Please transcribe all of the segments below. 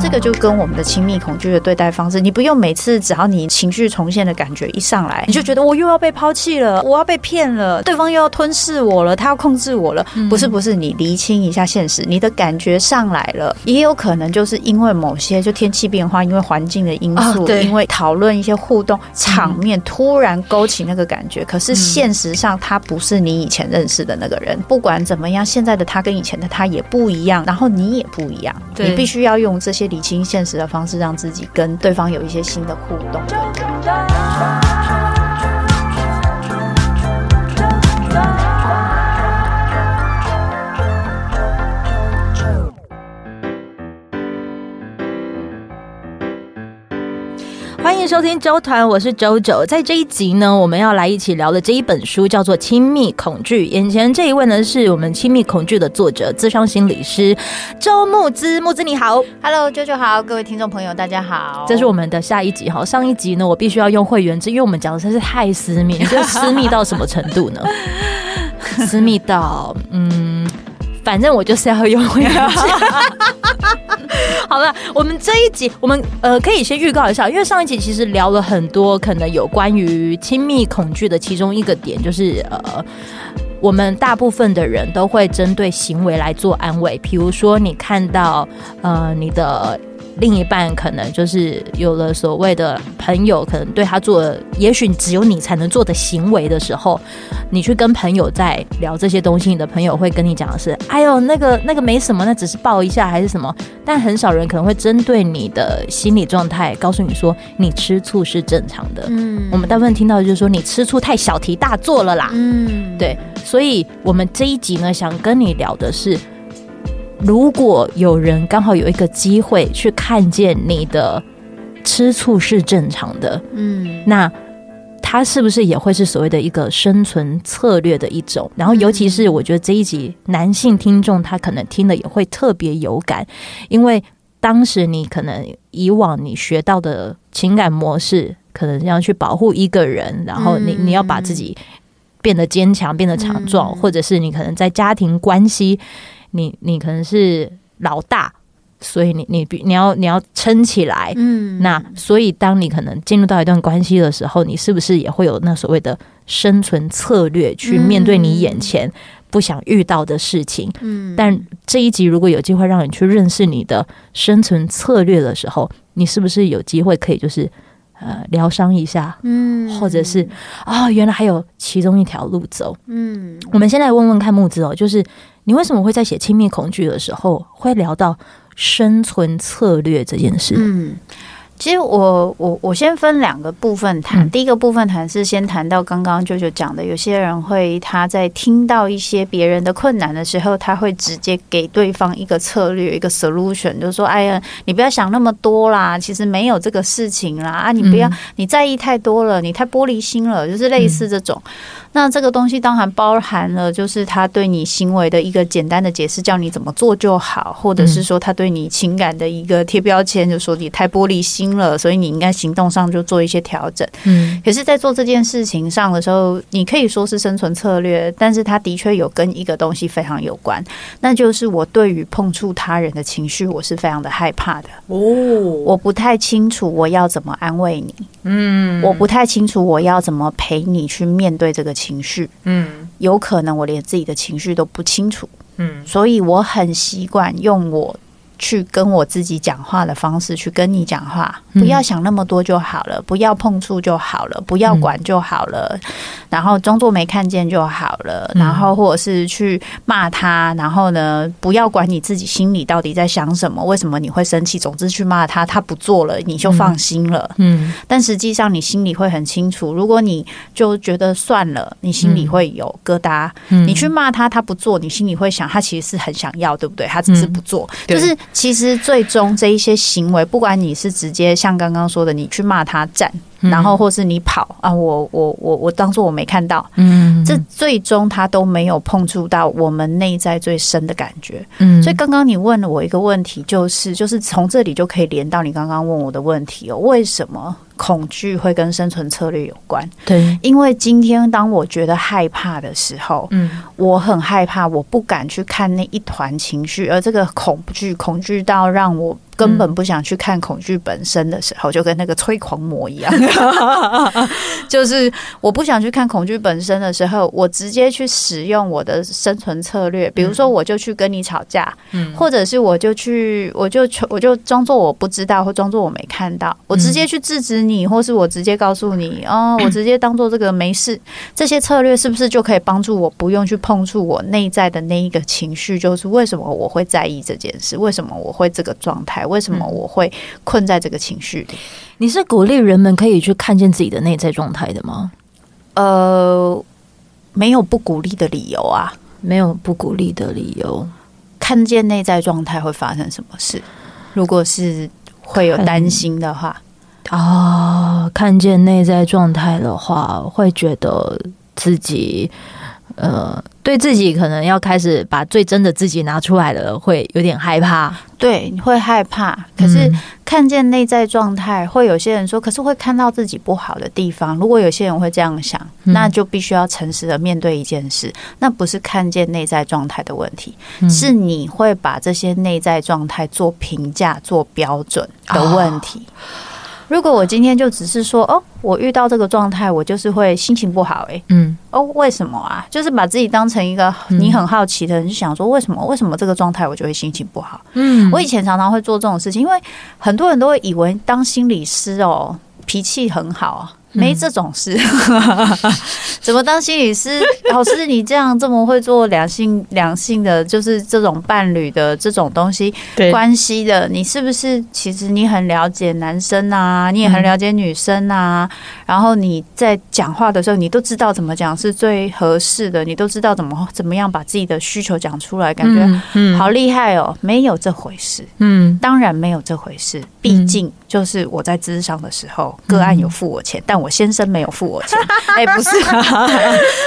這個就跟我們的親密恐懼的對待方式，你不用每次只要你情緒重現的感覺一上來，你就覺得我又要被拋棄了，我要被騙了，對方又要吞噬我了，他要控制我了。嗯、不是不是你，你釐清一下現實，你的感覺上來了，也有可能就是因為某些就天氣變化，因為環境的因素，哦、對，因為討論一些互動場面突然勾起那個感覺。可是現實上，他不是你以前認識的那個人。不管怎麼樣，現在的他跟以前的他也不一樣，然後你也不一樣，對，你必須要用這些。一些理清現實的方式，讓自己跟對方有一些新的互動。收聽周團，我是 Jojo。在這一集呢，我們要來一起聊的這一本書叫做《親密恐懼》。眼前這一位呢，是我們《親密恐懼》的作者、諮商心理師周慕姿。慕姿你好，Hello，Jojo 好，各位聽眾朋友大家好。這是我們的下一集哈。上一集呢，我必須要用會員制，因為我們講的真是太私密，私密到什麼程度呢？ 私密到嗯，反正我就是要用會員制。 好了，我們這一集，我們呃可以先預告一下，因為上一集其實聊了很多，可能有關於親密恐懼的其中一個點，就是呃，我們大部分的人都會針對行為來做安慰，比如說你看到呃你的。另一半可能就是有了所謂的朋友，可能對他做，也許只有你才能做的行為的時候，你去跟朋友在聊這些東西，你的朋友會跟你講的是：“哎呦，那個那個沒什麼，那只是抱一下還是什麼。”但很少人可能會針對你的心理狀態，告訴你說你吃醋是正常的。嗯，我們大部分聽到的就是說你吃醋太小題大做了啦。嗯，對。所以我們這一集呢，想跟你聊的是。如果有人剛好有一個機會去看見你的吃醋是正常的，嗯，那他是不是也會是所謂的一個生存策略的一種？然後，尤其是我覺得這一集男性聽眾他可能聽了也會特別有感，因為當時你可能以往你學到的情感模式，可能要去保護一個人，然後你你要把自己變得堅強、變得強壯，或者是你可能在家庭關係。你你可能是老大，所以你你你要你要撐起來，嗯，那所以當你可能進入到一段關係的時候，你是不是也會有那所謂的生存策略去面對你眼前不想遇到的事情？嗯，但這一集如果有機會讓你去認識你的生存策略的時候，你是不是有機會可以就是？呃，療傷一下，嗯，或者是啊、哦，原來還有其中一條路走，嗯，我們先來問問看慕姿哦，就是你為什麼會在寫親密恐懼的時候會聊到生存策略這件事？嗯。其實我我我先分兩個部分談、嗯，第一個部分談是先談到剛剛舅舅講的，有些人會他在聽到一些別人的困難的時候，他會直接給對方一個策略，一個 solution，就是說，哎呀，你不要想那麼多啦，其實沒有這個事情啦，啊，你不要、嗯、你在意太多了，你太玻璃心了，就是類似這種。嗯那這個東西當然包含了，就是他對你行為的一個簡單的解釋，叫你怎麼做就好，或者是說他對你情感的一個貼標籤，就說你太玻璃心了，所以你應該行動上就做一些調整。嗯，可是，在做這件事情上的時候，你可以說是生存策略，但是他的確有跟一個東西非常有關，那就是我對於碰觸他人的情緒，我是非常的害怕的。哦，我不太清楚我要怎麼安慰你。嗯，我不太清楚我要怎麼陪你去面對這個情緒。情緒，嗯，有可能我連自己的情緒都不清楚，嗯，所以我很習慣用我。去跟我自己講話的方式去跟你講話，嗯，不要想那麼多就好了，不要碰觸就好了，不要管就好了，嗯、然後裝作沒看見就好了，嗯，然後或者是去罵他，然後呢，不要管你自己心裡到底在想什麼，為什麼你會生氣？總之去罵他，他不做了，你就放心了。嗯，嗯，但實際上你心裡會很清楚，如果你就覺得算了，你心裡會有疙瘩。嗯，你去罵他，他不做，你心裡會想他其實是很想要，對不對？他只是不做，嗯，就是。其實，最終這一些行為，不管你是直接像剛剛說的，你去罵他站。然後，或是你跑、嗯、啊，我我我我，我我當作我沒看到。嗯，這最終它都沒有碰觸到我們內在最深的感覺。嗯，所以剛剛你問了我一個問題，就是就是從這裡就可以連到你剛剛問我的問題哦，為什麼恐懼會跟生存策略有關？對，因為今天當我覺得害怕的時候，嗯，我很害怕，我不敢去看那一團情緒，而這個恐懼，恐懼到讓我。嗯、根本不想去看恐懼本身的時候，就跟那個催狂魔一樣。 就是我不想去看恐懼本身的時候，我直接去使用我的生存策略，比如說，我就去跟你吵架，嗯，或者是我就去，我就我就裝作我不知道，或裝作我沒看到，我直接去制止你，嗯、或是我直接告訴你、嗯、哦，我直接當做這個沒事。這些策略是不是就可以幫助我不用去碰觸我內在的那一個情緒？就是為什麼我會在意這件事？為什麼我會這個狀態？為什麼我會困在這個情緒裡？嗯，你是鼓勵人們可以去看見自己的內在狀態的嗎？呃，沒有不鼓勵的理由啊，沒有不鼓勵的理由。看見內在狀態會發生什麼事？如果是會有擔心的話，啊，哦，看見內在狀態的話，會覺得自己。呃，對自己可能要開始把最真的自己拿出來了，會有點害怕。對，你會害怕。可是看見內在狀態，嗯，會有些人說，可是會看到自己不好的地方。如果有些人會這樣想，那就必須要誠實的面對一件事。嗯，那不是看見內在狀態的問題，嗯，是你會把這些內在狀態做評價、做標準的問題。哦。如果我今天就只是說哦，我遇到這個狀態，我就是會心情不好，欸，誒，嗯，哦，為什麼啊？就是把自己當成一個你很好奇的人，嗯，就想說為什麼，為什麼這個狀態我就會心情不好？嗯，我以前常常會做這種事情，因為很多人都會以為當心理師哦，脾氣很好。沒這種事、嗯， 怎麼當心理師？老師，你這樣這麼會做兩性兩性的，就是這種伴侶的這種東西關係的，你是不是其實你很了解男生啊？你也很了解女生啊？然後你在講話的時候，你都知道怎麼講是最合適的，你都知道怎麼怎麼樣把自己的需求講出來，感覺好厲害哦！沒有這回事，嗯，當然沒有這回事，畢竟、嗯。嗯嗯就是我在諮商的時候，個案有付我錢，嗯、但我先生沒有付我錢。哎、欸，不是，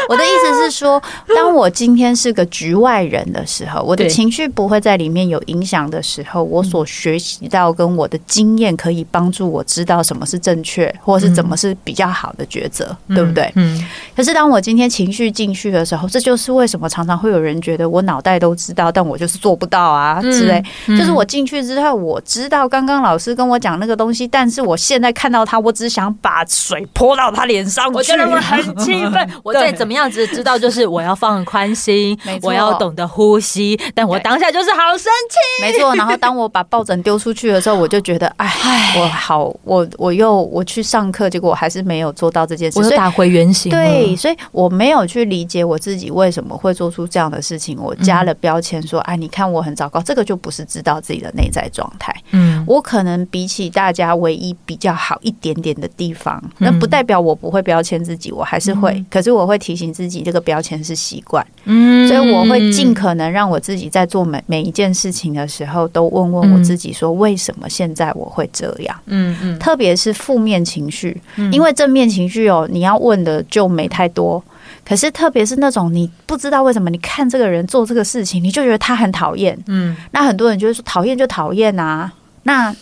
我的意思是說，當我今天是個局外人的時候，我的情緒不會在裡面有影響的時候，我所學習到跟我的經驗可以幫助我知道什麼是正確、嗯，或是怎麼是比較好的抉擇、嗯，對不對、嗯？可是當我今天情緒進去的時候，這就是為什麼常常會有人覺得我腦袋都知道，但我就是做不到啊之類、嗯嗯。就是我進去之後，我知道剛剛老師跟我講那個。的東西，但是我現在看到他，我只想把水潑到他臉上。我覺得我很氣憤。 我再怎麼樣子知道，就是我要放寬心，我要懂得呼吸。但我當下就是好生氣。沒錯。然後當我把抱枕丟出去的時候， 我就覺得，哎，我好，我我又我去上課，結果我還是沒有做到這件事，我是打回原形。對，所以我沒有去理解我自己為什麼會做出這樣的事情。我加了標籤說，哎、嗯啊，你看我很糟糕。這個就不是知道自己的內在狀態。嗯，我可能比起大。大家唯一比較好一點點的地方，那不代表我不會標籤自己。嗯，我還是會。可是我會提醒自己，這個標籤是習慣，嗯，所以我會儘可能讓我自己在做每每一件事情的時候，都問問我自己，說為什麼現在我會這樣？嗯嗯，特別是負面情緒。嗯，因為正面情緒哦、喔，你要問的就沒太多。可是特別是那種你不知道為什麼，你看這個人做這個事情，你就覺得他很討厭。嗯，那很多人就是說討厭就討厭啊，那。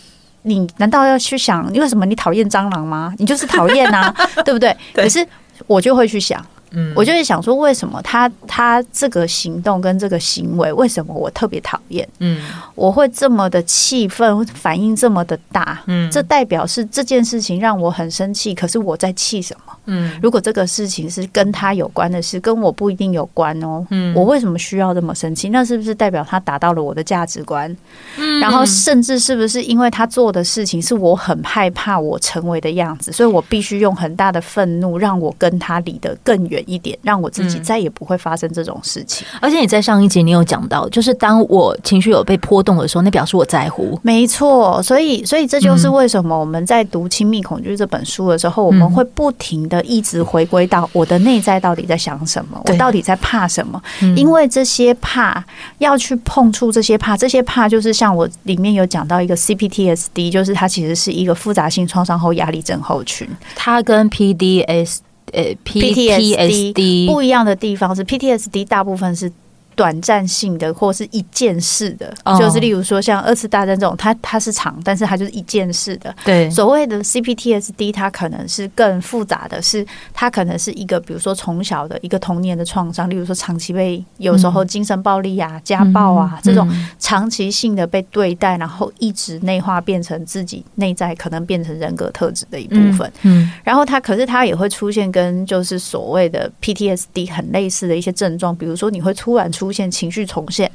你難道要去想，你為什麼你討厭蟑螂嗎？你就是討厭吶， 對不對？可是我就會去想，嗯，我就會想說，為什麼他他這個行動跟這個行為，為什麼我特別討厭？嗯，我會這麼的氣憤，反應這麼的大，嗯，這代表是這件事情讓我很生氣。可是我在氣什麼？嗯，如果這個事情是跟他有關的事，跟我不一定有關哦。嗯，我為什麼需要這麼生氣？那是不是代表他達到了我的價值觀？嗯，然後甚至是不是因為他做的事情是我很害怕我成為的樣子，所以我必須用很大的憤怒讓我跟他離得更遠一點，讓我自己再也不會發生這種事情。嗯，而且你在上一集你有講到，就是當我情緒有被波動的時候，那表示我在乎。沒錯，所以所以這就是為什麼我們在讀《親密恐懼》這本書的時候，嗯，我們會不停地。一直回歸到我的內在，到底在想什麼？我到底在怕什麼？啊、因為這些怕，要去碰觸這些怕，這些怕就是像我裡面有講到一個 CPTSD，就是它其實是一個複雜性創傷後壓力症候群，它跟 PDS 呃 PTSD，PTSD 不一樣的地方是 PTSD 大部分是。短暫性的，或是一件事的，就是例如說像二次大戰這種，它它是長，但是它就是一件事的。對，所謂的 CPTSD，它可能是更複雜的，是它可能是一個，比如說從小的一個童年的創傷，例如說長期被有時候精神暴力啊、家暴啊這種長期性的被對待，然後一直內化變成自己內在可能變成人格特質的一部分。嗯，然後它可是它也會出現跟就是所謂的 PTSD 很類似的一些症狀，比如說你會突然出出現情緒重現，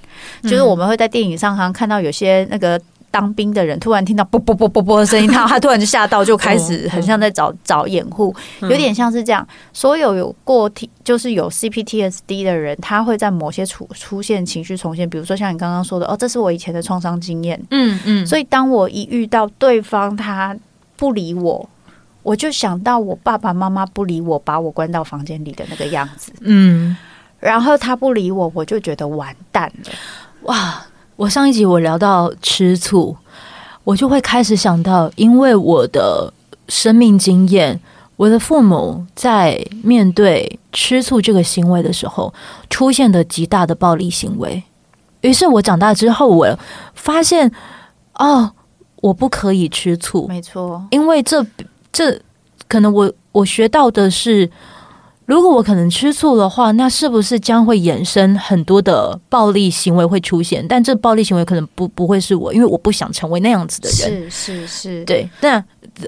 就是我們會在電影上常看到有些那個當兵的人，突然聽到啵啵啵啵啵的聲音，他他突然就嚇到，就開始很像在找找掩護，有點像是這樣。所有有過 T，就是有 CPTSD 的人，他會在某些處出現情緒重現。比如說像你剛剛說的，哦，這是我以前的創傷經驗。嗯嗯，所以當我一遇到對方，他不理我，我就想到我爸爸媽媽不理我，把我關到房間裡的那個樣子。嗯。然後他不理我，我就覺得完蛋了。哇！我上一集我聊到吃醋，我就會開始想到，因為我的生命經驗，我的父母在面對吃醋這個行為的時候，出現的極大的暴力行為。於是我長大之後，我發現哦，我不可以吃醋，沒錯，因為這這可能我我學到的是。如果我可能吃醋的話，那是不是將會衍生很多的暴力行為會出現？但這暴力行為可能不不會是我，因為我不想成為那樣子的人。是是是，對。那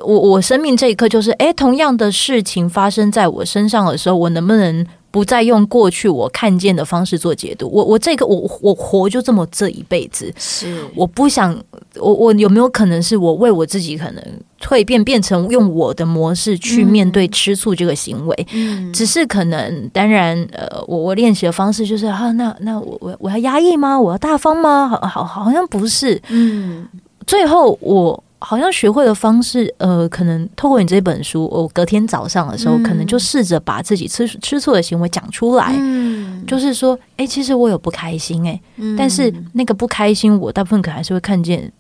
我我生命這一刻就是，哎、欸，同樣的事情發生在我身上的時候，我能不能？不再用過去我看見的方式做解讀。我我這個我我活就這麼這一輩子，是我不想我我有沒有可能是我為我自己可能蛻變變成用我的模式去面對吃醋這個行為，嗯，只是可能當然呃，我我練習的方式就是啊，那那我我我要壓抑嗎？我要大方嗎？好好，好像不是，嗯，最後我。好像學會的方式，呃，可能透過你這本書，我、哦、隔天早上的時候，嗯、可能就試着把自己吃吃醋的行為講出來、嗯，就是說，哎、欸，其實我有不開心、欸，哎、嗯，但是那個不開心，我大部分可能還是會看見，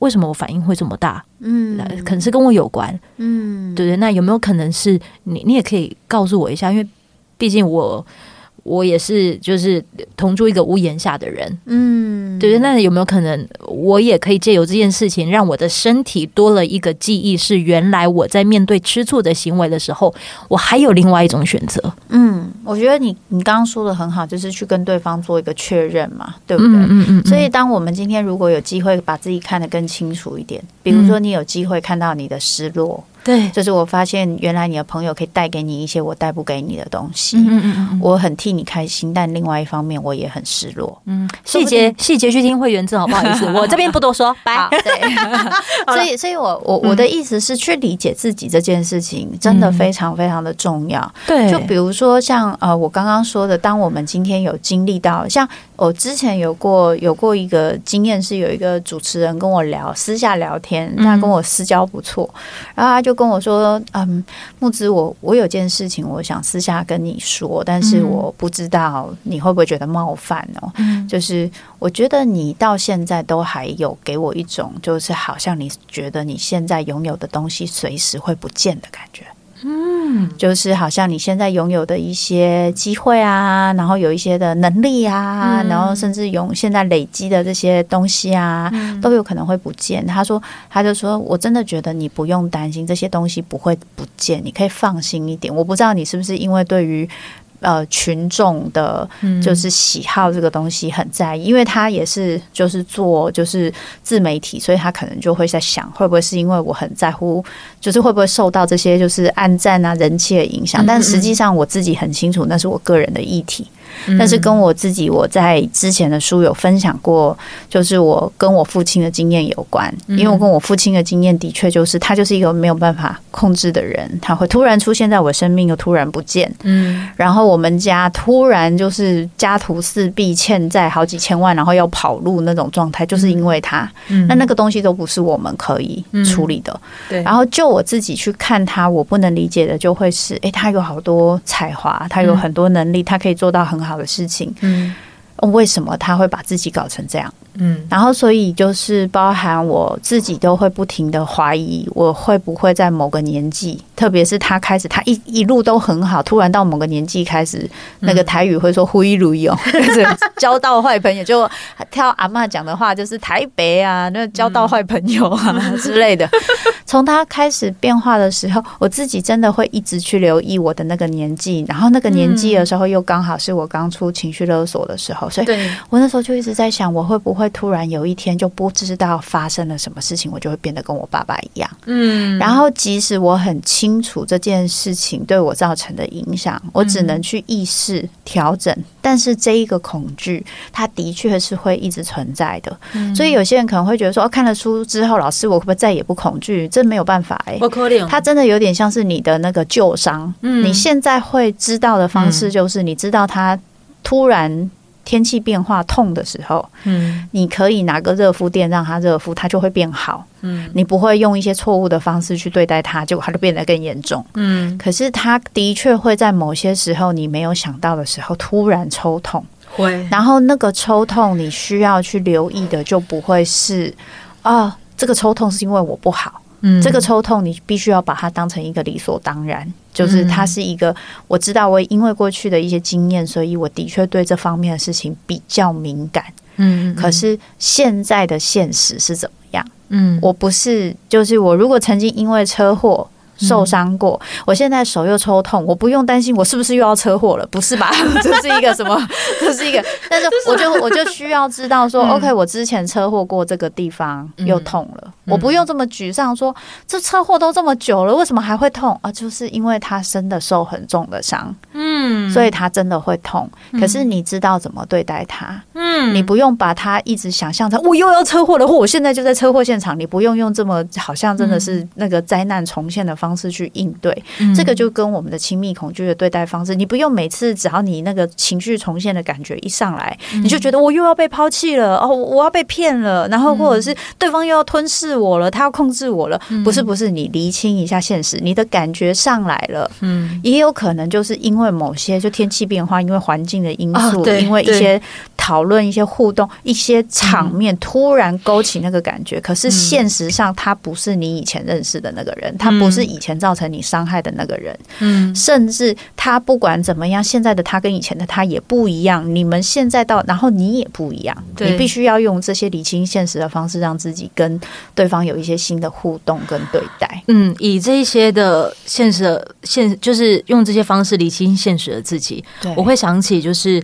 為什麼我反應會這麼大，嗯，可能是跟我有關，嗯，對對，對，那有沒有可能是你，你也可以告訴我一下，因為畢竟我。我也是，就是同住一個屋檐下的人，嗯，對。那有沒有可能，我也可以借由這件事情，讓我的身體多了一個記憶，是原來我在面對吃醋的行為的時候，我還有另外一種選擇。嗯，我覺得你你剛剛說的很好，就是去跟對方做一個確認嘛，對不對？嗯，嗯，嗯，嗯。所以，當我們今天如果有機會把自己看得更清楚一點，比如說你有機會看到你的失落。嗯。對，就是我發現原來你的朋友可以帶給你一些我帶不給你的東西，嗯嗯嗯，我很替你開心，但另外一方面我也很失落，嗯，細節細節去聽會員證，好不好意思？ 我這邊不多說， 拜對。 所以，所以我我我的意思是去理解自己這件事情真的非常非常的重要。對、嗯，就比如說像呃，我剛剛說的，當我們今天有經歷到像我、哦、之前有過有過一個經驗，是有一個主持人跟我聊私下聊天，他跟我私交不錯，嗯、然後他就。就跟我說，嗯，慕姿，我我有件事情我想私下跟你說，但是我不知道你會不會覺得冒犯哦。嗯，就是我覺得你到現在都還有給我一種，就是好像你覺得你現在擁有的東西隨時會不見的感覺。嗯。就是好像你現在擁有的一些機會啊，然後有一些的能力啊，嗯，然後甚至有現在累積的這些東西啊，嗯，都有可能會不見。他說，他就說，我真的覺得你不用擔心這些東西不會不見，你可以放心一點。我不知道你是不是因為對於。呃，群眾的，就是喜好這個東西很在意，嗯，因為他也是就是做就是自媒體，所以他可能就會在想，會不會是因為我很在乎，就是會不會受到這些就是按讚啊、人氣的影響，嗯嗯。但實際上我自己很清楚，那是我個人的議題。但是跟我自己我在之前的書有分享過，就是我跟我父親的經驗有關，因為我跟我父親的經驗的確就是他就是一個沒有辦法控制的人，他會突然出現在我生命又突然不見，嗯，然後我們家突然就是家徒四壁欠債好幾千萬，然後要跑路那種狀態，就是因為他，那那個東西都不是我們可以處理的，對。然後就我自己去看他，我不能理解的就會是，哎，他有好多才華，他有很多能力，他可以做到很。很好的事情，嗯，為什麼他會把自己搞成這樣？嗯，然後所以就是包含我自己都會不停的懷疑，我會不會在某個年紀，特別是他開始，他一一路都很好，突然到某個年紀開始、嗯，那個台語會說“呼伊如伊”，哦，交到壞朋友， 就跳阿嬤講的話，就是台北啊，那、就是、交到壞朋友啊、嗯、之類的。從、嗯、他開始變化的時候，我自己真的會一直去留意我的那個年紀，然後那個年紀的時候又剛好是我剛出情緒勒索的時候、嗯，所以我那時候就一直在想，我會不會。會突然有一天就不知道發生了什麼事情，我就會變得跟我爸爸一樣。嗯，然後即使我很清楚這件事情對我造成的影響，我只能去意識、嗯、調整，但是這一個恐懼，它的確是會一直存在的、嗯。所以有些人可能會覺得說，哦，看了書之後，老師，我可不可以再也不恐懼？這沒有辦法哎，不可能。他真的有點像是你的那個舊傷。嗯，你現在會知道的方式就是，你知道他突然。天氣變化痛的時候，嗯，你可以拿個熱敷墊讓它熱敷，它就會變好，嗯，你不會用一些錯誤的方式去對待它，結果它就變得更嚴重，嗯。可是它的確會在某些時候，你沒有想到的時候，突然抽痛，會。然後那個抽痛，你需要去留意的就不會是啊，這個抽痛是因為我不好，嗯，這個抽痛你必須要把它當成一個理所當然。就是它是一個，我知道，我因為過去的一些經驗，所以我的確對這方面的事情比較敏感。嗯，嗯，可是現在的現實是怎麼樣？嗯，我不是，就是我如果曾經因為車禍。受傷過，我現在手又抽痛，我不用擔心我是不是又要車禍了？不是吧？ 這是一個什麼？這是一個，但是我就 我就需要知道說、嗯、OK，我之前車禍過這個地方又痛了，嗯、我不用這麼沮喪，說、嗯、這車禍都這麼久了，為什麼還會痛啊？就是因為他真的受很重的傷，嗯，所以他真的會痛、嗯。可是你知道怎麼對待他，嗯，你不用把他一直想象成我又要車禍了，或我現在就在車禍現場，你不用用這麼好像真的是那個災難重現的方式。嗯嗯方式去應對、嗯、這個，就跟我們的親密恐懼的對待方式，你不用每次只要你那個情緒重現的感覺一上來，嗯、你就覺得我又要被拋棄了哦，我要被騙了，然後或者是對方又要吞噬我了，他要控制我了。嗯、不是不是你，你釐清一下現實，你的感覺上來了，嗯，也有可能就是因為某些就天氣變化，因為環境的因素、哦，因為一些討論、一些互動、一些場面突然勾起那個感覺，嗯、可是現實上他不是你以前認識的那個人，嗯、他不是以前造成你傷害的那個人，嗯，甚至他不管怎麼樣，現在的他跟以前的他也不一樣。你們現在到，然後你也不一樣，對。你必須要用這些理清現實的方式，讓自己跟對方有一些新的互動跟對待。嗯，以這些的現實的現，就是用這些方式理清現實的自己。對。我會想起就是，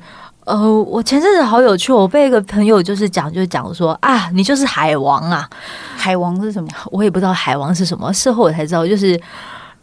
呃，我前陣子好有趣，我被一個朋友就是講，就講說啊，你就是海王啊， 海王是什麼？我也不知道海王是什麼，事後我才知道，就是。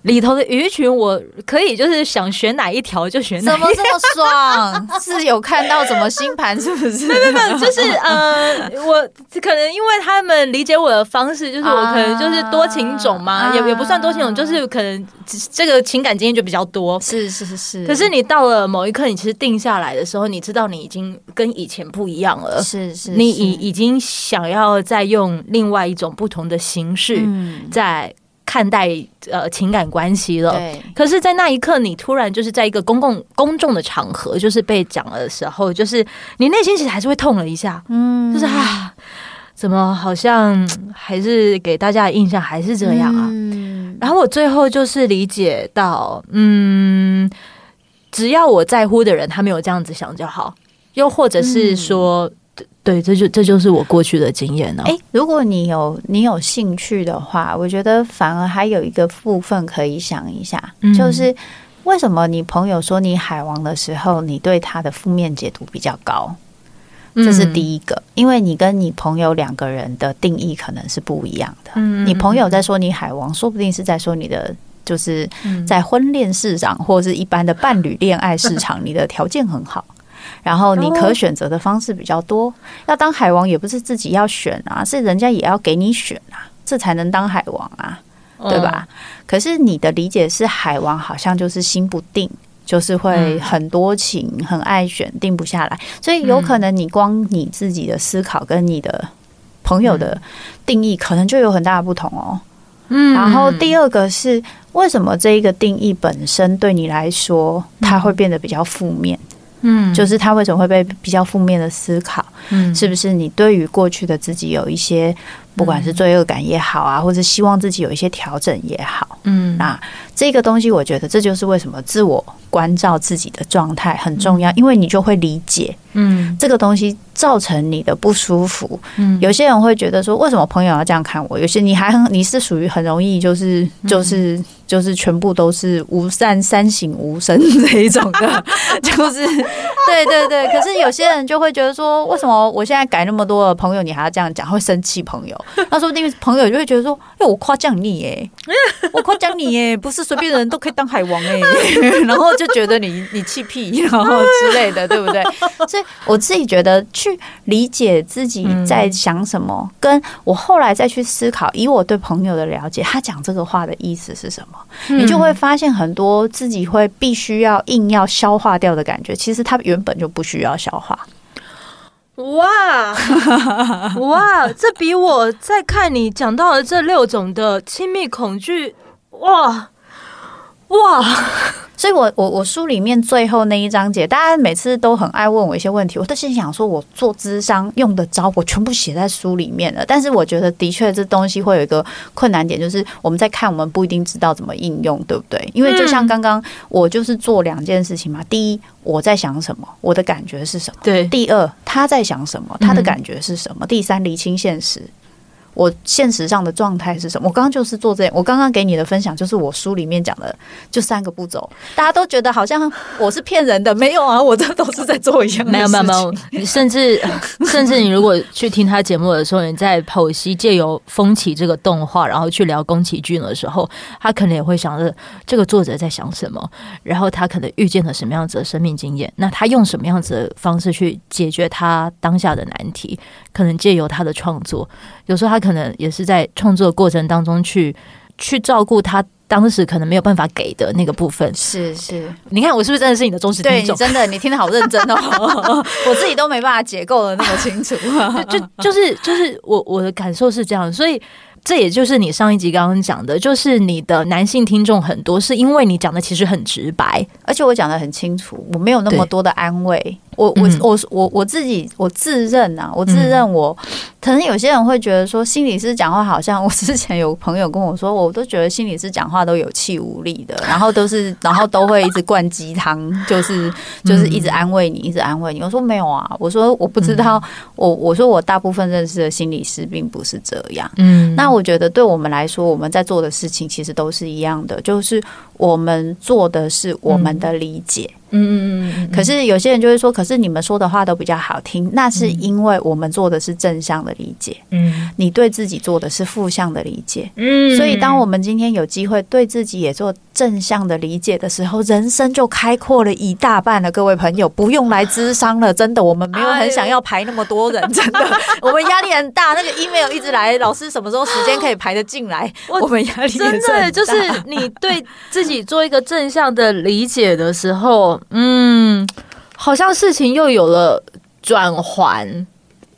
裡頭的魚群，我可以就是想選哪一條就選哪一條，怎麼這麼爽？ 是有看到什麼星盤是不是？沒有沒有，就是呃，我可能因為他們理解我的方式，就是我可能就是多情種嘛，啊、也也不算多情種、啊，就是可能這個情感經驗就比較多。是是是是。可是你到了某一刻，你其實定下來的時候，你知道你已經跟以前不一樣了。是是，是，你已已經想要再用另外一種不同的形式、嗯、在。看待呃情感關係了，可是，在那一刻，你突然就是在一個公共公眾的場合，就是被講了的時候，就是你內心其實還是會痛了一下，嗯，就是啊，怎麼好像還是給大家的印象還是這樣啊？然後我最後就是理解到，嗯，只要我在乎的人，他沒有這樣子想就好，又或者是說。對，這就這就是我過去的經驗了、哦。哎、欸，如果你有你有興趣的話，我覺得反而還有一個部分可以想一下，嗯、就是為什麼你朋友說你海王的時候，你對他的負面解讀比較高、嗯？這是第一個，因為你跟你朋友兩個人的定義可能是不一樣的。嗯、你朋友在說你海王，說不定是在說你的就是在婚戀市場、嗯、或是一般的伴侶戀愛市場， 你的條件很好。然後你可選擇的方式比較多，要當海王也不是自己要選啊，是人家也要給你選啊，這才能當海王啊，嗯、對吧？可是你的理解是海王好像就是心不定，就是會很多情、嗯，很愛選，定不下來，所以有可能你光你自己的思考跟你的朋友的定義可能就有很大的不同哦。嗯，然後第二個是為什麼這一個定義本身對你來說它會變得比較負面？嗯，就是他為什麼會被比較負面的思考？嗯，是不是你對於過去的自己有一些？不管是罪惡感也好啊，或者希望自己有一些調整也好，嗯，那這個東西我覺得這就是為什麼自我關照自己的狀態很重要，嗯，因為你就會理解，嗯，這個東西造成你的不舒服。嗯，有些人會覺得說，為什麼朋友要這樣看我？有些你還很，你是屬於很容易就是就是，嗯，就是全部都是無善三省吾身這一種的， 就是對對對。 可是有些人就會覺得說，為什麼我現在改那麼多的朋友，你還要這樣講，會生氣朋友。他 說：“那個朋友就會覺得說，哎，我誇獎你哎、欸，我誇獎你哎、欸，不是隨便的人都可以當海王哎。”然後就覺得你你氣屁，然後之類的，對不對？所以我自己覺得去理解自己在想什麼，跟我後來再去思考，以我對朋友的了解，他講這個話的意思是什麼，你就會發現很多自己會必須要硬要消化掉的感覺，其實他原本就不需要消化。哇， 哇，這比我在看你講到的這六種的親密恐懼，哇！哇！所以我我我書裡面最後那一章節，大家每次都很愛問我一些問題，我都心想說，我做諮商用的招，我全部寫在書裡面了。但是我覺得，的確這東西會有一個困難點，就是我們在看，我們不一定知道怎麼應用，對不對？因為就像剛剛我就是做兩件事情嘛：嗯、第一，我在想什麼，我的感覺是什麼；對，第二，他在想什麼，他的感覺是什麼；嗯、第三，釐清現實。我現實上的狀態是什麼？我剛剛就是做這樣，我剛剛給你的分享就是我書裡面講的就三個步驟。大家都覺得好像我是騙人的，沒有啊，我這都是在做一樣的。沒有沒有沒有。甚至甚至你如果去聽他節目的時候，你在剖析借由《風起》這個動畫，然後去聊宮崎駿的時候，他可能也會想着這個作者在想什麼，然後他可能遇見了什麼樣子的生命經驗，那他用什麼樣子的方式去解決他當下的難題？可能借由他的創作。有時候他可能也是在創作的過程當中去去照顧他當時可能沒有辦法給的那個部分。是是，你看我是不是真的是你的忠實聽眾？對，真的，你聽的好認真哦， 我自己都沒辦法解構的那麼清楚。 就就就是就是我我的感受是這樣，所以這也就是你上一集剛剛講的，就是你的男性聽眾很多，是因為你講的其實很直白，而且我講的很清楚，我沒有那麼多的安慰。我我我我自己我自認啊，我自認我、嗯，可能有些人會覺得說心理師講話好像，我之前有朋友跟我說，我都覺得心理師講話都有氣無力的，然後都是然後都會一直灌雞湯， 就是就是一直安慰你，一直安慰你。我說沒有啊，我說我不知道，嗯、我我說我大部分認識的心理師並不是這樣。嗯，那我覺得對我們來說，我們在做的事情其實都是一樣的，就是我們做的是我們的理解。嗯嗯嗯嗯嗯，可是有些人就會說，可是你們說的話都比較好聽，那是因為我們做的是正向的理解。嗯，嗯，嗯，你對自己做的是負向的理解。嗯，所以當我們今天有機會對自己也做正向的理解的時候，人生就開闊了一大半了。各位朋友，不用來諮商了，真的，我們沒有很想要排那麼多人，真的，我們壓力很大。那個 email 一直來，老師什麼時候時間可以排得進來？我們壓力很大。真的，就是你對自己做一個正向的理解的時候。嗯，好像事情又有了轉圜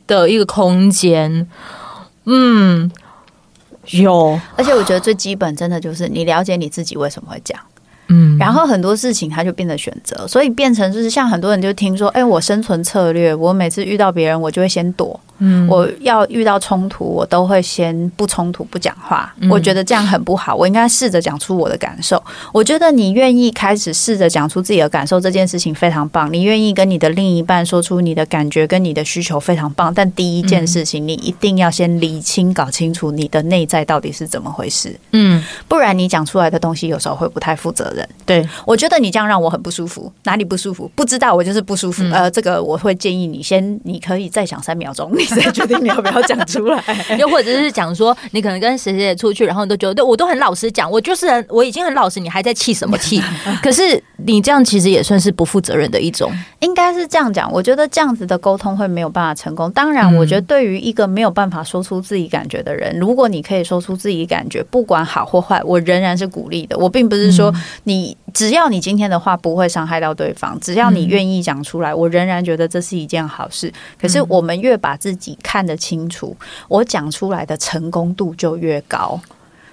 的一個空間。嗯，有，而且我覺得最基本真的就是你了解你自己為什麼會這樣。嗯，然後很多事情它就變得選擇，所以變成就是像很多人就聽說，哎、欸，我生存策略，我每次遇到別人我就會先躲，嗯，我要遇到衝突，我都會先不衝突，不講話、嗯。我覺得這樣很不好。我應該試着講出我的感受。我覺得你願意開始試着講出自己的感受這件事情非常棒。你願意跟你的另一半說出你的感覺跟你的需求非常棒。但第一件事情、嗯，你一定要先理清、搞清楚你的內在到底是怎麼回事。嗯，不然你講出來的東西有時候會不太負責任。對，我覺得你這樣讓我很不舒服。哪裡不舒服？不知道，我就是不舒服、嗯。呃，這個我會建議你先，你可以再想三秒鐘。在 決定你要不要講出來， 又或者是講說你可能跟誰誰出去，然後你都覺得對，我都很老實講，我就是很，我已經很老實，你還在氣什麼氣？可是你這樣其實也算是不負責任的一種，應該是這樣講。我覺得這樣子的溝通會沒有辦法成功。當然，我覺得對於一個沒有辦法說出自己感覺的人，如果你可以說出自己感覺，不管好或壞，我仍然是鼓勵的。我並不是說你只要你今天的話不會傷害到對方，只要你願意講出來，我仍然覺得這是一件好事。可是我們越把自己自己看得清楚，我講出來的成功度就越高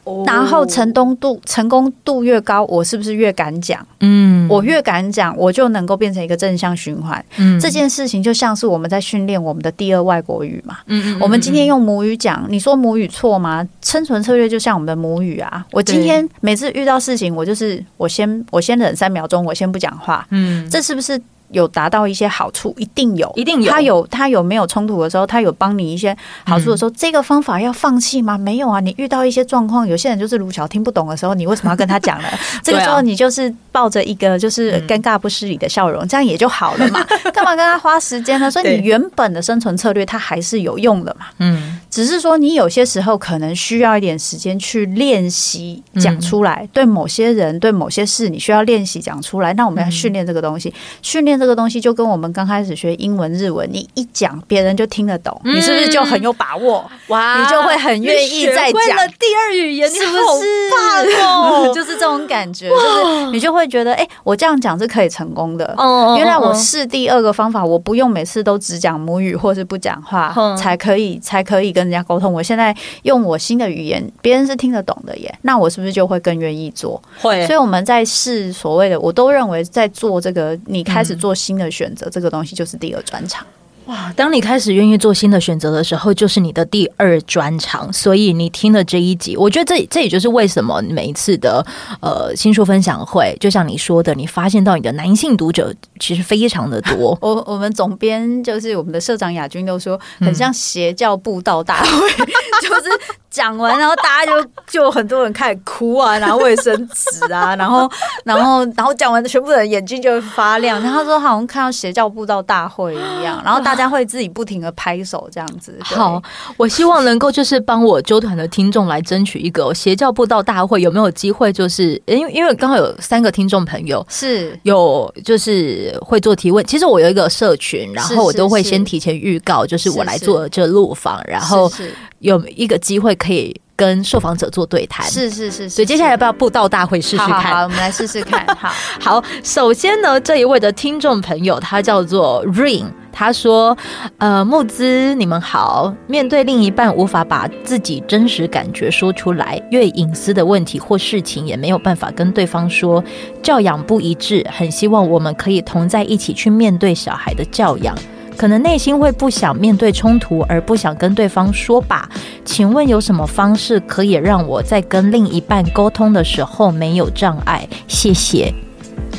，oh. 然後成功度成功度越高，我是不是越敢講？嗯、mm.，我越敢講，我就能夠變成一個正向循環。嗯、mm.，這件事情就像是我們在訓練我們的第二外國語嘛。嗯、mm.，我們今天用母語講，你說母語錯嗎？生存策略就像我們的母語啊。我今天每次遇到事情，我就是我先我先忍三秒鐘，我先不講話。嗯、mm.，這是不是？有達到一些好處，一定有，一定有。他有他有沒有衝突的時候，他有幫你一些好處的時候，嗯、這個方法要放棄嗎？沒有啊。你遇到一些狀況，有些人就是盧小聽不懂的時候，你為什麼要跟他講呢、？ 啊？這個時候你就是抱着一個就是尷尬不失禮的笑容、嗯，這樣也就好了嘛。幹嘛跟他花時間呢？所以你原本的生存策略，他還是有用的嘛。嗯。只是說你有些時候可能需要一點時間去練習講出來、嗯。對某些人，對某些事，你需要練習講出來、嗯。那我們要訓練這個東西，訓練。這個東西就跟我們剛開始學英文、日文，你一講別人就聽得懂、嗯，你是不是就很有把握？哇，你就會很願意再講第二語言，棒哦、你是不是？ 就是這種感覺，就是你就會覺得，哎、欸，我這樣講是可以成功的。哦，哦，哦，哦，原來我試第二個方法，我不用每次都只講母語或是不講話、嗯，才可以才可以跟人家溝通。我現在用我新的語言，別人是聽得懂的耶。那我是不是就會更願意做？會。所以我們在試所謂的，我都認為在做這個，你開始做、嗯。新的選擇，這個東西就是第二專長哇！當你開始願意做新的選擇的時候，就是你的第二專長。所以你聽了這一集，我覺得這這也就是為什麼每一次的呃新書分享會，就像你說的，你發現到你的男性讀者其實非常的多。 我我們總編就是我們的社長亞君，都說，很像邪教佈道大會，嗯、 就是。講完，然後，大家就就很多人開始哭啊，然後衛生紙啊，然後然後然後講完，全部的人眼睛就會發亮。然後他說好像看到邪教布道大會一樣，然後大家會自己不停的拍手這樣子。好，我希望能夠就是幫我揪團的聽眾來爭取一個、哦、 邪教布道大會有沒有機會？就是，因為因為剛好有三個聽眾朋友是有就是會做提問。其實我有一個社群，是是是，然後我都會先提前預告，就是我來做這錄訪，然後。是是有一個機會可以跟受訪者做對談，是是是，是。所以接下來要不要佈道大會試試看？好，好，好，我們來試試看。好， 好，首先呢，這一位的聽眾朋友他叫做 Rain，他說：呃，慕姿，你們好，面對另一半無法把自己真實感覺說出來，因為隱私的問題或事情也沒有辦法跟對方說，教養不一致，很希望我們可以同在一起去面對小孩的教養。可能內心會不想面對衝突，而不想跟對方說吧。請問有什麼方式可以讓我在跟另一半溝通的時候沒有障礙？謝謝。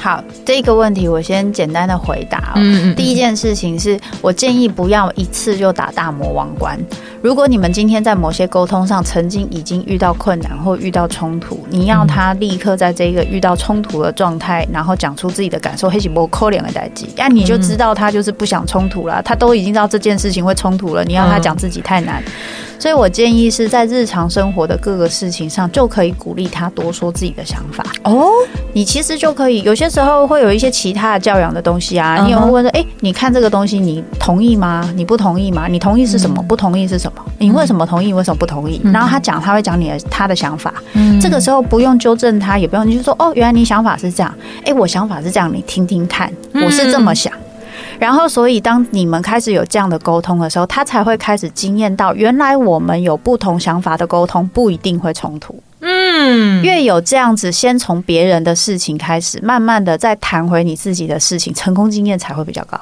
好，這個問題我先簡單的回答喔。嗯，嗯嗯。第一件事情是我建議不要一次就打大魔王關。如果你們今天在某些溝通上曾經已經遇到困難或遇到衝突，你要他立刻在這個遇到衝突的狀態，嗯，然後講出自己的感受，嘿係無可能的代誌。那，啊，你就知道他就是不想衝突了，嗯嗯，他都已經知道這件事情會衝突了，你要他講自己太難，嗯。所以我建議是在日常生活的各個事情上，就可以鼓勵他多說自己的想法。哦，你其實就可以有些。時候會有一些其他的教養的東西啊，你、uh、也 -huh. 會問說，哎、欸，你看這個東西，你同意嗎？你不同意嗎？你同意是什麼？Mm -hmm. 不同意是什麼？你為什麼同意？Mm -hmm. 為什麼不同意？然後他講，他會講你的他的想法。Mm -hmm. 這個時候不用糾正他，也不用你就說，哦，原來你想法是這樣，哎、欸，我想法是這樣，你聽聽看，我是這麼想。Mm -hmm. 然後，所以當你們開始有這樣的溝通的時候，他才會開始經驗到，原來我們有不同想法的溝通不一定會衝突。越有這樣子，先從別人的事情開始，慢慢的再談回你自己的事情，成功經驗才會比較高。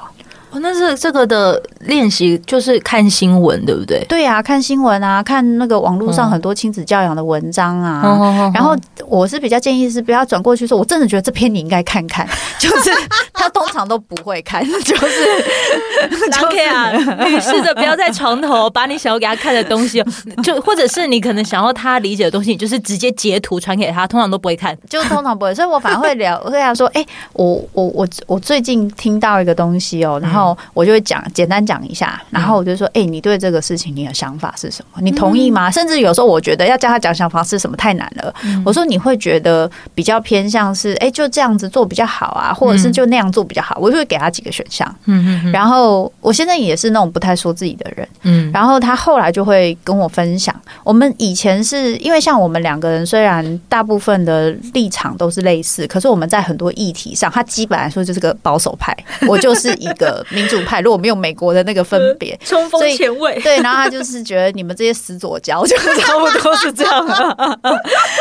哦、那是這個的練習，就是看新聞，對不對？對呀、啊，看新聞啊，看那個網絡上很多親子教養的文章啊、嗯嗯嗯。然後我是比較建議是不要轉過去說，我真的覺得這篇你應該看看。 就是他通常都不會看，就是 ok、 就是、啊樣，試 着不要在床頭把你想要給他看的東西、哦，就或者是你可能想要他理解的東西，你就是直接截圖傳給他，通常都不會看，就通常不會。所以我反而會聊， 會跟他說，哎、欸，我我我我最近聽到一個東西哦，然後。我就會講簡單講一下，然後我就說：“哎、欸，你對這個事情你的想法是什麼？你同意嗎？”嗯、甚至有時候我覺得要教他講想法是什麼太難了。嗯、我說：“你會覺得比較偏向是哎、欸，就這樣子做比較好啊，或者是就那樣做比較好？”我就會給他幾個選項。嗯嗯。然後我現在也是那種不太說自己的人。嗯。然後他後來就會跟我分享，我們以前是因為像我們兩個人雖然大部分的立場都是類似，可是我們在很多議題上，他基本來說就是個保守派，我就是一個。 民主派，如果沒有美國的那個分別，呃、衝鋒前衛，對。然後他就是覺得你們這些死左膠，我就差不多是這樣了。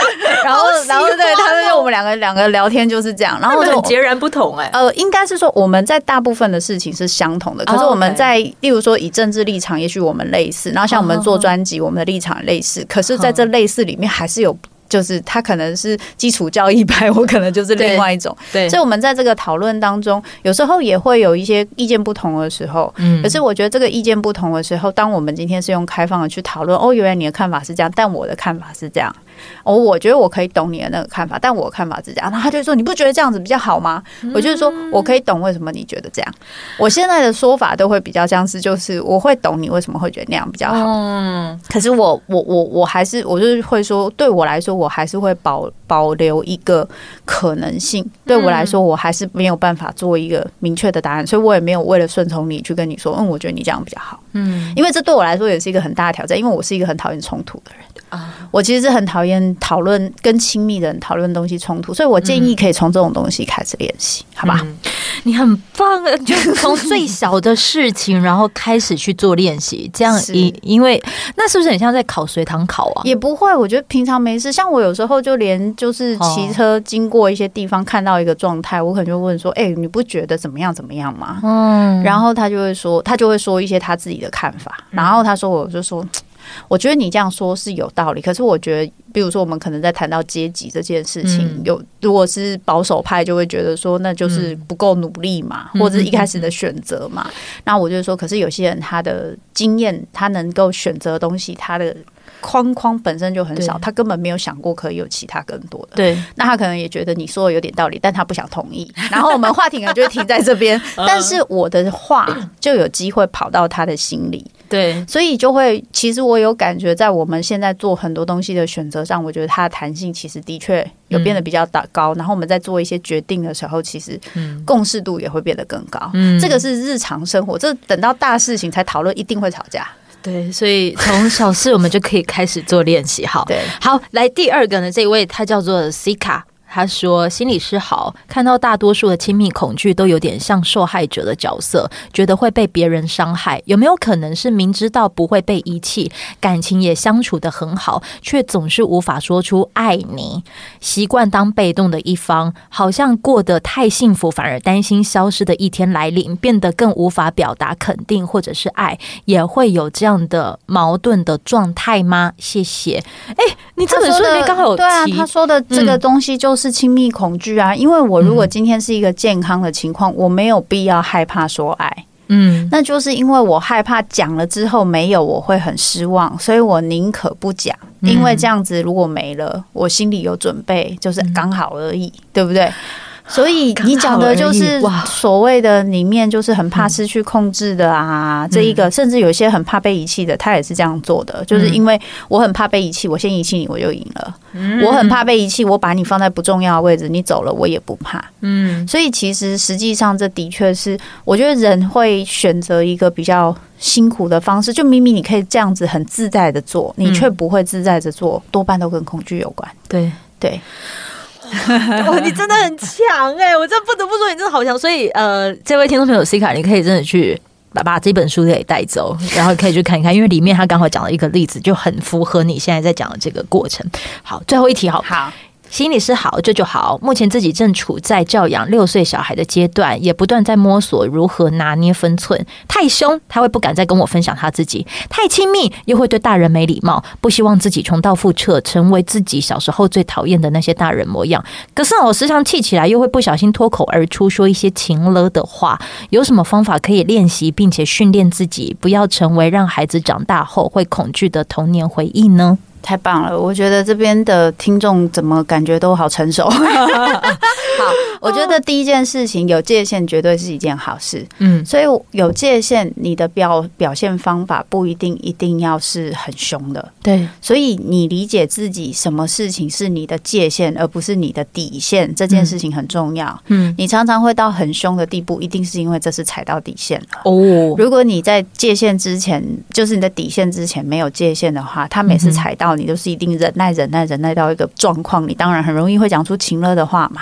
然後、哦，然後對，他就我們兩個兩個聊天就是這樣，然後他們很截然不同哎。呃，應該是說我們在大部分的事情是相同的，可是我們在、oh, okay. 例如說以政治立場，也許我們類似，然後像我們做專輯，我們的立場類似，oh. 可是在這類似裡面還是有。就是他可能是基礎教義派，我可能就是另外一種對。對，所以我們在這個討論當中，有時候也會有一些意見不同的時候、嗯。可是我覺得這個意見不同的時候，當我們今天是用開放的去討論，哦，原來你的看法是這樣，但我的看法是這樣。哦，我覺得我可以懂你的那個看法，但我看法是這樣。然後他就說：“你不覺得這樣子比較好嗎？”嗯、我就是說，我可以懂為什麼你覺得這樣。我現在的說法都會比較像是，就是我會懂你為什麼會覺得那樣比較好。嗯、哦。可是我，我，我，我，我還是，我就是會說，對我來說，我還是會保保留一個可能性。對我來說，我還是沒有辦法做一個明確的答案、嗯，所以我也沒有為了順從你去跟你說，嗯，我覺得你這樣比較好。嗯。因為這對我來說也是一個很大的挑戰，因為我是一個很討厭衝突的人。啊，我其實是很討厭討論跟親密的人討論東西衝突，所以我建議可以從這種東西開始練習、嗯，好吧？你很棒啊， 就從最小的事情然後開始去做練習，這樣因因為那是不是很像在考隨堂考啊？也不會，我覺得平常沒事。像我有時候就連就是騎車經過一些地方，看到一個狀態、哦，我可能就問說：“哎、欸，你不覺得怎麼樣怎麼樣嗎？”嗯，然後他就會說，他就會說一些他自己的看法，嗯、然後他說，我就說。我覺得你這樣說是有道理，可是我覺得，比如說我們可能在談到階級這件事情，嗯、有如果是保守派就會覺得說，那就是不夠努力嘛，嗯、或者是一開始的選擇嘛、嗯。那我就說，可是有些人他的經驗，他能夠選擇的東西，他的框框本身就很少，他根本沒有想過可以有其他更多的。對，那他可能也覺得你說的有點道理，但他不想同意。然後我們話題啊，就停在這邊， 但是我的話就有機會跑到他的心裡。對，所以就會，其實我有感覺，在我們現在做很多東西的選擇上，我覺得它的彈性其實的確有變得比較高。嗯。然後我們在做一些決定的時候，其實共識度也會變得更高。嗯，這個是日常生活，這等到大事情才討論，一定會吵架。對，所以從小事我們就可以開始做練習。好， 對，好，來第二個呢，這一位他叫做 Sika。他說：“心理師好，看到大多數的親密恐懼，都有點像受害者的角色，覺得會被別人傷害。有沒有可能是明知道不會被遺棄，感情也相處得很好，卻總是無法說出愛你，習慣當被動的一方，好像過得太幸福，反而擔心消失的一天來臨，變得更無法表達肯定或者是愛，也會有這樣的矛盾的狀態嗎？”謝謝。哎，你這本書裡剛好有，對啊，他說的這個東西就是、嗯。是親密恐懼啊！因為我如果今天是一個健康的情況，嗯，我沒有必要害怕說愛，嗯，那就是因為我害怕講了之後沒有，我會很失望，所以我寧可不講，嗯，因為這樣子如果沒了，我心裡有準備，就是剛好而已，嗯，對不對？所以你講的就是所謂的裡面就是很怕失去控制的啊，這一個甚至有些很怕被遺棄的，他也是這樣做的。就是因為我很怕被遺棄，我先遺棄你，我就贏了。我很怕被遺棄，我把你放在不重要的位置，你走了我也不怕。嗯，所以其實實際上這的確是，我覺得人會選擇一個比較辛苦的方式。就明明你可以這樣子很自在的做，你卻不會自在的做，多半都跟恐懼有關。對對。 哦、你真的很強哎、欸，我真的不得不說，你真的好強。所以，呃， 這位聽眾朋友 C 卡，你可以真的去把把這本書給帶走，然後可以去看一看，因為裡面他剛好講了一個例子，就很符合你現在在講的這個過程。好，最後一題好，好。心理師好，這就好。目前自己正處在教養六歲小孩的階段，也不斷在摸索如何拿捏分寸。太兇，他會不敢再跟我分享他自己；太親密，又會對大人沒禮貌。不希望自己重蹈覆轍，成為自己小時候最討厭的那些大人模樣。可是我時常氣起來，又會不小心脫口而出說一些情了的話。有什麼方法可以練習並且訓練自己，不要成為讓孩子長大後會恐懼的童年回憶呢？太棒了！我覺得這邊的聽眾怎麼感覺都好成熟。 好、哦，我覺得第一件事情有界限絕對是一件好事。嗯，所以有界限，你的表表現方法不一定一定要是很凶的。對，所以你理解自己什麼事情是你的界限，而不是你的底線，這件事情很重要。嗯，你常常會到很凶的地步，一定是因為這是踩到底線了。哦，如果你在界限之前，就是你的底線之前沒有界限的話，他每次踩到、嗯。嗯你都是一定忍耐、忍耐、忍耐到一個狀況，你當然很容易會講出情了的話嘛。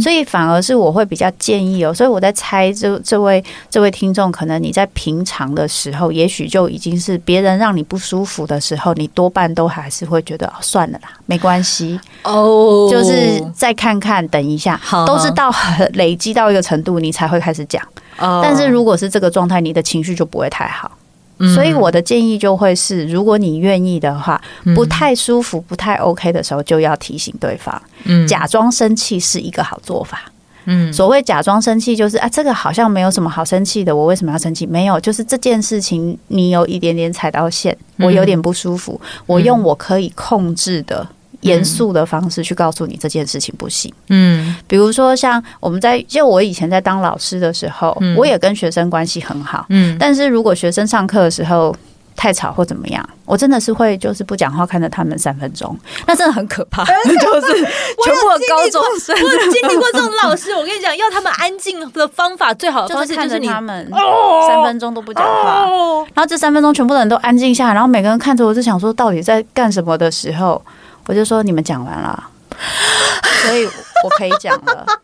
所以反而是我會比較建議哦。所以我在猜，這這位這位聽眾，可能你在平常的時候，也許就已經是別人讓你不舒服的時候，你多半都還是會覺得算了啦，沒關係哦，就是再看看，等一下，都是到累積到一個程度，你才會開始講。但是如果是這個狀態，你的情緒就不會太好。所以我的建議就會是，如果你願意的話，不太舒服、不太 OK 的時候，就要提醒對方。假裝生氣是一個好做法。嗯，所謂假裝生氣，就是啊，這個好像沒有什麼好生氣的，我為什麼要生氣？沒有，就是這件事情你有一點點踩到線，我有點不舒服，我用我可以控制的嚴肅的方式去告訴你這件事情不行。嗯，比如說像我們在，就我以前在當老師的時候，嗯、我也跟學生關係很好。嗯，但是如果學生上課的時候太吵或怎麼樣，我真的是會就是不講話，看着他們三分鐘，那真的很可怕。嗯、 就是，高中 我經歷過， 過這種老師。 我跟你講，要他們安靜的方法，最好的方式就是你、就是、看着他們三分鐘都不講話、哦，然後這三分鐘全部的人都安靜下來，然後每個人看着我，就想說到底在幹什麼的時候。我就說，你們講完了，所以我可以講了。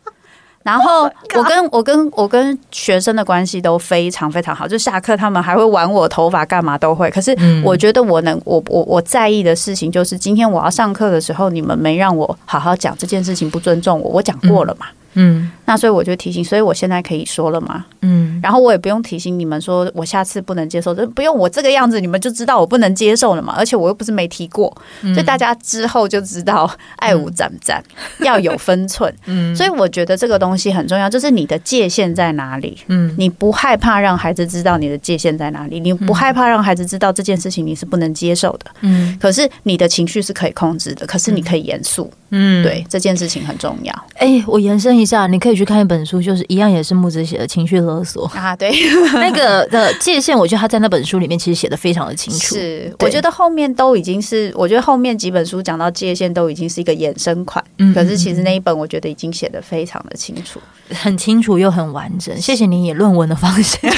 然後我跟我跟我跟學生的關係都非常非常好，就下課他們還會玩我頭髮，幹嘛都會。可是我覺得我能，我我我在意的事情就是，今天我要上課的時候，你們沒讓我好好講，這件事情，不尊重我，我講過了嘛。嗯嗯，那所以我就提醒，所以我現在可以說了嘛。嗯，然後我也不用提醒你們，說我下次不能接受，不用我這個樣子，你們就知道我不能接受了嘛。而且我又不是沒提過，嗯、所以大家之後就知道，嗯、愛無斬不斬要有分寸。嗯，所以我覺得這個東西很重要，就是你的界限在哪裡。嗯，你不害怕讓孩子知道你的界限在哪裡，你不害怕讓孩子知道這件事情你是不能接受的。嗯，可是你的情緒是可以控制的，可是你可以嚴肅。嗯嗯對，對這件事情很重要。哎、欸，我延伸一下，你可以去看一本書，就是一樣也是慕姿寫的情緒勒索啊。對，那個的界限，我覺得他在那本書裡面其實寫得非常的清楚。是，我覺得後面都已經是，我覺得後面幾本書講到界限都已經是一個衍生款。嗯，嗯，嗯，可是其實那一本我覺得已經寫得非常的清楚，很清楚又很完整。謝謝您以論文的方式。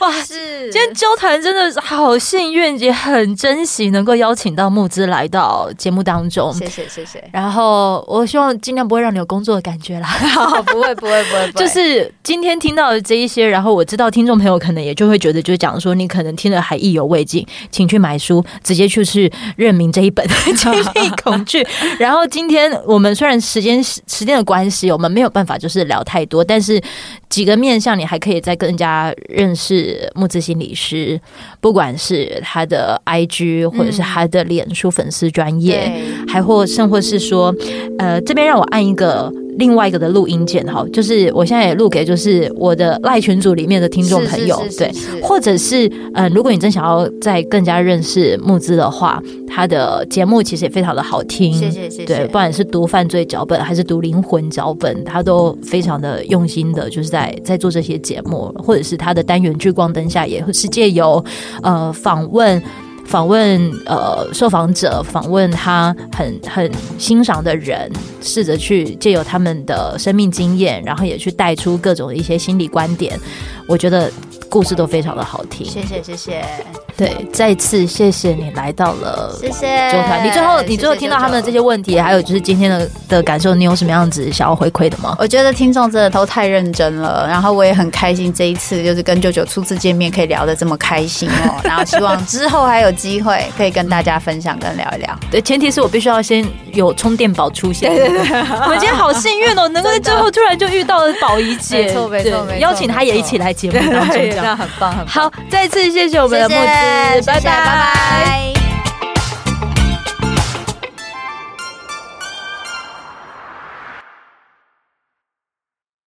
哇，是，今天交談真的好幸運，也很珍惜能夠邀請到慕姿來到。節目當中，謝謝謝謝。然後我希望盡量不會讓你有工作的感覺啦，好，不會不會不會。就是今天聽到的這一些，然後我知道聽眾朋友可能也就會覺得，就講說你可能聽了還意猶未盡，請去買書，直接就是認明這一本《親密恐懼。》 然後今天我們雖然時間時間的關係，我們沒有辦法就是聊太多，但是幾個面向你還可以再更加認識慕姿心理師，不管是他的 IG 或者是他的臉書粉絲專頁。嗯對還或甚或是說，呃，這邊讓我按一個另外一個的錄音鍵哈，就是我現在也錄給，就是我的賴群組裡面的聽眾朋友，是是是是是對，或者是呃，如果你真想要再更加認識慕姿的話，他的節目其實也非常的好聽，謝謝，謝，對，不管是讀犯罪腳本還是讀靈魂腳本，他都非常的用心的，就是在在做這些節目，或者是他的單元聚光燈下也，也是藉由呃訪問。訪問呃受訪者，訪問他很很欣賞的人，試着去借由他們的生命經驗，然後也去帶出各種一些心理觀點。我覺得。故事都非常的好聽，謝謝謝謝，對，再次謝謝你來到了，謝謝。你最後你最後聽到他們的這些問題，謝謝，還有就是今天的的感受，你有什麼樣子想要回饋的嗎？我覺得聽眾真的都太認真了，然後我也很開心這一次就是跟舅舅初次見面可以聊得這麼開心哦、喔，然後希望之後還有機會可以跟大家分享跟聊一聊。 對，前提是我必須要先有充電寶出現，對對對。我今天好幸運哦、喔， 能夠在最後突然就遇到了寶儀姐，沒錯沒錯，邀請她也一起來節目當中，對對對。那很棒，很棒好，再次謝謝我們的慕姿，拜拜拜拜。Bye bye 謝謝 bye bye